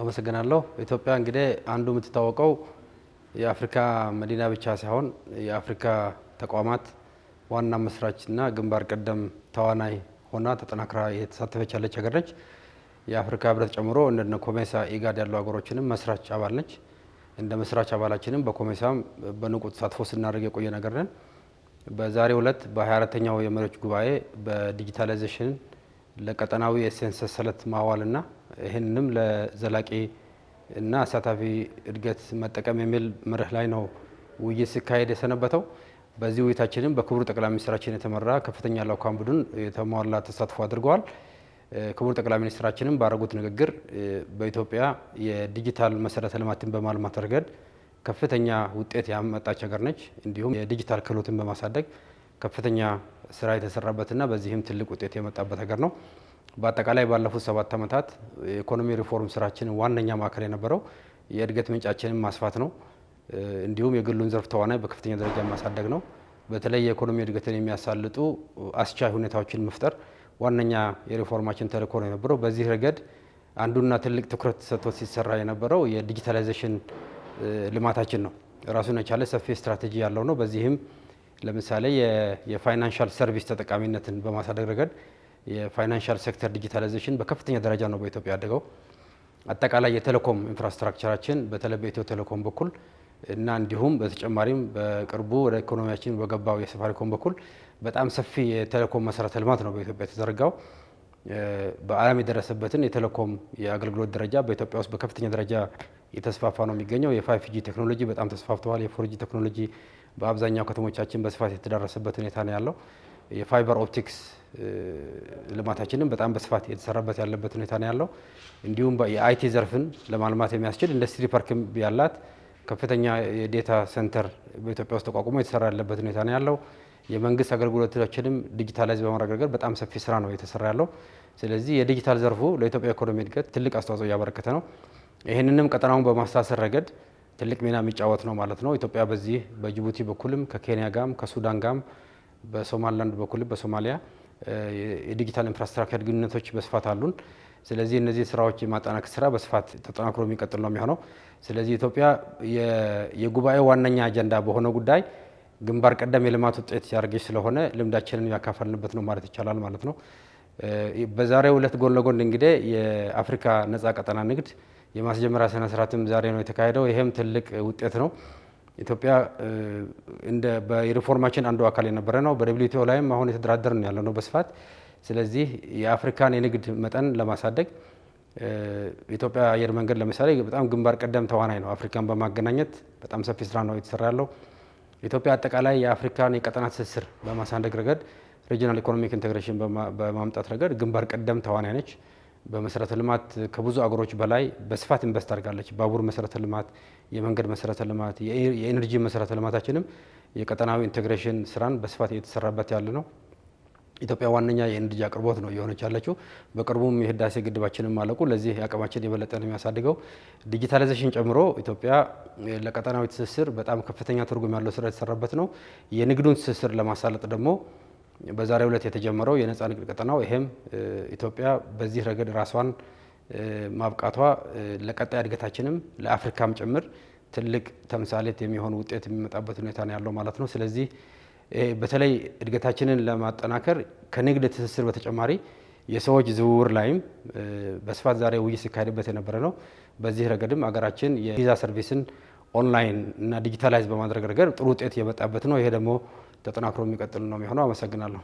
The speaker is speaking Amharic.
አመሰግናለሁ። ኢትዮጵያ እንግዲህ አንዱ የምትታወቀው የአፍሪካ መዲና ብቻ ሳይሆን የአፍሪካ ተቋማት ዋና መስራችና ግንባር ቀደም ተዋናይ ሆና ተጠናክራ የተሳተፈች ያለች ሀገር ነች። የአፍሪካ ህብረት ጨምሮ እንደነ ኮሜሳ፣ ኢጋድ ያሉ ሀገሮችንም መስራች አባል ነች። እንደ መስራች አባላችንም በኮሜሳም በንቁ ተሳትፎ ስናደርግ የቆየ ነገር ነን። በዛሬው ዕለት በ24ተኛው የመሪዎች ጉባኤ በዲጂታላይዜሽን ለቀጠናዊ የሴንሰስ ሰለት ማዋልና ይህንንም ለዘላቂ እና አሳታፊ እድገት መጠቀም የሚል መርህ ላይ ነው ውይይት ሲካሄድ የሰነበተው። በዚህ ውይይታችንም በክቡር ጠቅላይ ሚኒስትራችን የተመራ ከፍተኛ ልዑካን ቡድን የተሟላ ተሳትፎ አድርገዋል። ክቡር ጠቅላይ ሚኒስትራችንም ባረጉት ንግግር በኢትዮጵያ የዲጂታል መሰረተ ልማትን በማልማት ረገድ ከፍተኛ ውጤት ያመጣች ሀገር ነች፣ እንዲሁም የዲጂታል ክህሎትን በማሳደግ ከፍተኛ ስራ የተሰራበትና በዚህም ትልቅ ውጤት የመጣበት ሀገር ነው። በአጠቃላይ ባለፉት ሰባት ዓመታት የኢኮኖሚ ሪፎርም ስራችን ዋነኛ ማዕከል የነበረው የእድገት ምንጫችንን ማስፋት ነው። እንዲሁም የግሉን ዘርፍ ተዋናይ በከፍተኛ ደረጃ ማሳደግ ነው። በተለይ የኢኮኖሚ እድገትን የሚያሳልጡ አስቻይ ሁኔታዎችን መፍጠር ዋነኛ የሪፎርማችን ተልእኮ ነው የነበረው። በዚህ ረገድ አንዱና ትልቅ ትኩረት ሰጥቶ ሲሰራ የነበረው የዲጂታላይዜሽን ልማታችን ነው። ራሱን የቻለ ሰፊ ስትራቴጂ ያለው ነው። በዚህም ለምሳሌ የፋይናንሻል ሰርቪስ ተጠቃሚነትን በማሳደግ ረገድ የፋይናንሻል ሴክተር ዲጂታላይዜሽን በከፍተኛ ደረጃ ነው በኢትዮጵያ ያደገው። አጠቃላይ የቴሌኮም ኢንፍራስትራክቸራችን በተለይ በኢትዮ ቴሌኮም በኩል እና እንዲሁም በተጨማሪም በቅርቡ ወደ ኢኮኖሚያችን በገባው የሳፋሪኮም በኩል በጣም ሰፊ የቴሌኮም መሰረተ ልማት ነው በኢትዮጵያ የተዘረጋው። በዓለም የደረሰበትን የቴሌኮም የአገልግሎት ደረጃ በኢትዮጵያ ውስጥ በከፍተኛ ደረጃ የተስፋፋ ነው የሚገኘው። የፋይቭ ጂ ቴክኖሎጂ በጣም ተስፋፍተዋል። የፎር ጂ ቴክኖሎጂ በአብዛኛው ከተሞቻችን በስፋት የተዳረሰበት ሁኔታ ነው ያለው። የፋይበር ኦፕቲክስ ልማታችንን በጣም በስፋት የተሰራበት ያለበት ሁኔታ ነው ያለው። እንዲሁም የአይቲ ዘርፍን ለማልማት የሚያስችል ኢንዱስትሪ ፓርክም ያላት ከፍተኛ የዴታ ሴንተር በኢትዮጵያ ውስጥ ተቋቁሞ የተሰራ ያለበት ሁኔታ ነው ያለው። የመንግስት አገልግሎቶችንም ዲጂታላይዝ በማረጋገጥ በጣም ሰፊ ስራ ነው የተሰራ ያለው። ስለዚህ የዲጂታል ዘርፉ ለኢትዮጵያ ኢኮኖሚ እድገት ትልቅ አስተዋጽኦ እያበረከተ ነው። ይህንንም ቀጠናውን በማስተሳሰር ረገድ ትልቅ ሚና የሚጫወት ነው ማለት ነው። ኢትዮጵያ በዚህ በጅቡቲ በኩልም ከኬንያ ጋም ከሱዳን ጋም በሶማሊላንድ በኩል በሶማሊያ የዲጂታል ኢንፍራስትራክቸር ግንኙነቶች በስፋት አሉን። ስለዚህ እነዚህ ስራዎች የማጠናክ ስራ በስፋት ተጠናክሮ የሚቀጥል ነው የሚሆነው። ስለዚህ ኢትዮጵያ የጉባኤ ዋነኛ አጀንዳ በሆነ ጉዳይ ግንባር ቀደም የልማት ውጤት ያደርገች ስለሆነ ልምዳችንን ያካፈልንበት ነው ማለት ይቻላል ማለት ነው። በዛሬው ዕለት ጎን ለጎን እንግዲህ የአፍሪካ ነጻ ቀጠና ንግድ የማስጀመሪያ ስነ ስርዓትም ዛሬ ነው የተካሄደው። ይህም ትልቅ ውጤት ነው። ኢትዮጵያ እንደ በሪፎርማችን አንዱ አካል የነበረ ነው። በደብሊውቲኦ ላይም አሁን የተደራደርን ያለ ነው በስፋት ስለዚህ የአፍሪካን የንግድ መጠን ለማሳደግ ኢትዮጵያ አየር መንገድ ለምሳሌ በጣም ግንባር ቀደም ተዋናይ ነው። አፍሪካን በማገናኘት በጣም ሰፊ ስራ ነው የተሰራ ያለው። ኢትዮጵያ አጠቃላይ የአፍሪካን የቀጠና ትስስር በማሳደግ ረገድ ሪጂናል ኢኮኖሚክ ኢንቴግሬሽን በማምጣት ረገድ ግንባር ቀደም ተዋናይ ነች። በመሰረተ ልማት ከብዙ አገሮች በላይ በስፋት ኢንቨስት አድርጋለች። ባቡር መሰረተ ልማት፣ የመንገድ መሰረተ ልማት፣ የኤነርጂ መሰረተ ልማታችንም የቀጠናዊ ኢንቴግሬሽን ስራን በስፋት እየተሰራበት ያለ ነው። ኢትዮጵያ ዋነኛ የኤነርጂ አቅርቦት ነው እየሆነች ያለችው። በቅርቡም የህዳሴ ግድባችንም ማለቁ ለዚህ አቅማችን የበለጠ ነው የሚያሳድገው። ዲጂታላይዜሽን ጨምሮ ኢትዮጵያ ለቀጠናዊ ትስስር በጣም ከፍተኛ ትርጉም ያለው ስራ የተሰራበት ነው። የንግዱን ትስስር ለማሳለጥ ደግሞ በዛሬው ዕለት የተጀመረው የነፃ ንግድ ቀጠናው ይሄም ኢትዮጵያ በዚህ ረገድ ራሷን ማብቃቷ ለቀጣይ እድገታችንም ለአፍሪካም ጭምር ትልቅ ተምሳሌት የሚሆን ውጤት የሚመጣበት ሁኔታ ነው ያለው ማለት ነው። ስለዚህ በተለይ እድገታችንን ለማጠናከር ከንግድ ትስስር በተጨማሪ የሰዎች ዝውውር ላይም በስፋት ዛሬ ውይይት ሲካሄድበት የነበረ ነው። በዚህ ረገድም አገራችን የቪዛ ሰርቪስን ኦንላይን እና ዲጂታላይዝ በማድረግ ረገድ ጥሩ ውጤት የመጣበት ነው። ይሄ ደግሞ ተጠናክሮ የሚቀጥል ነው የሚሆነው። አመሰግናለሁ።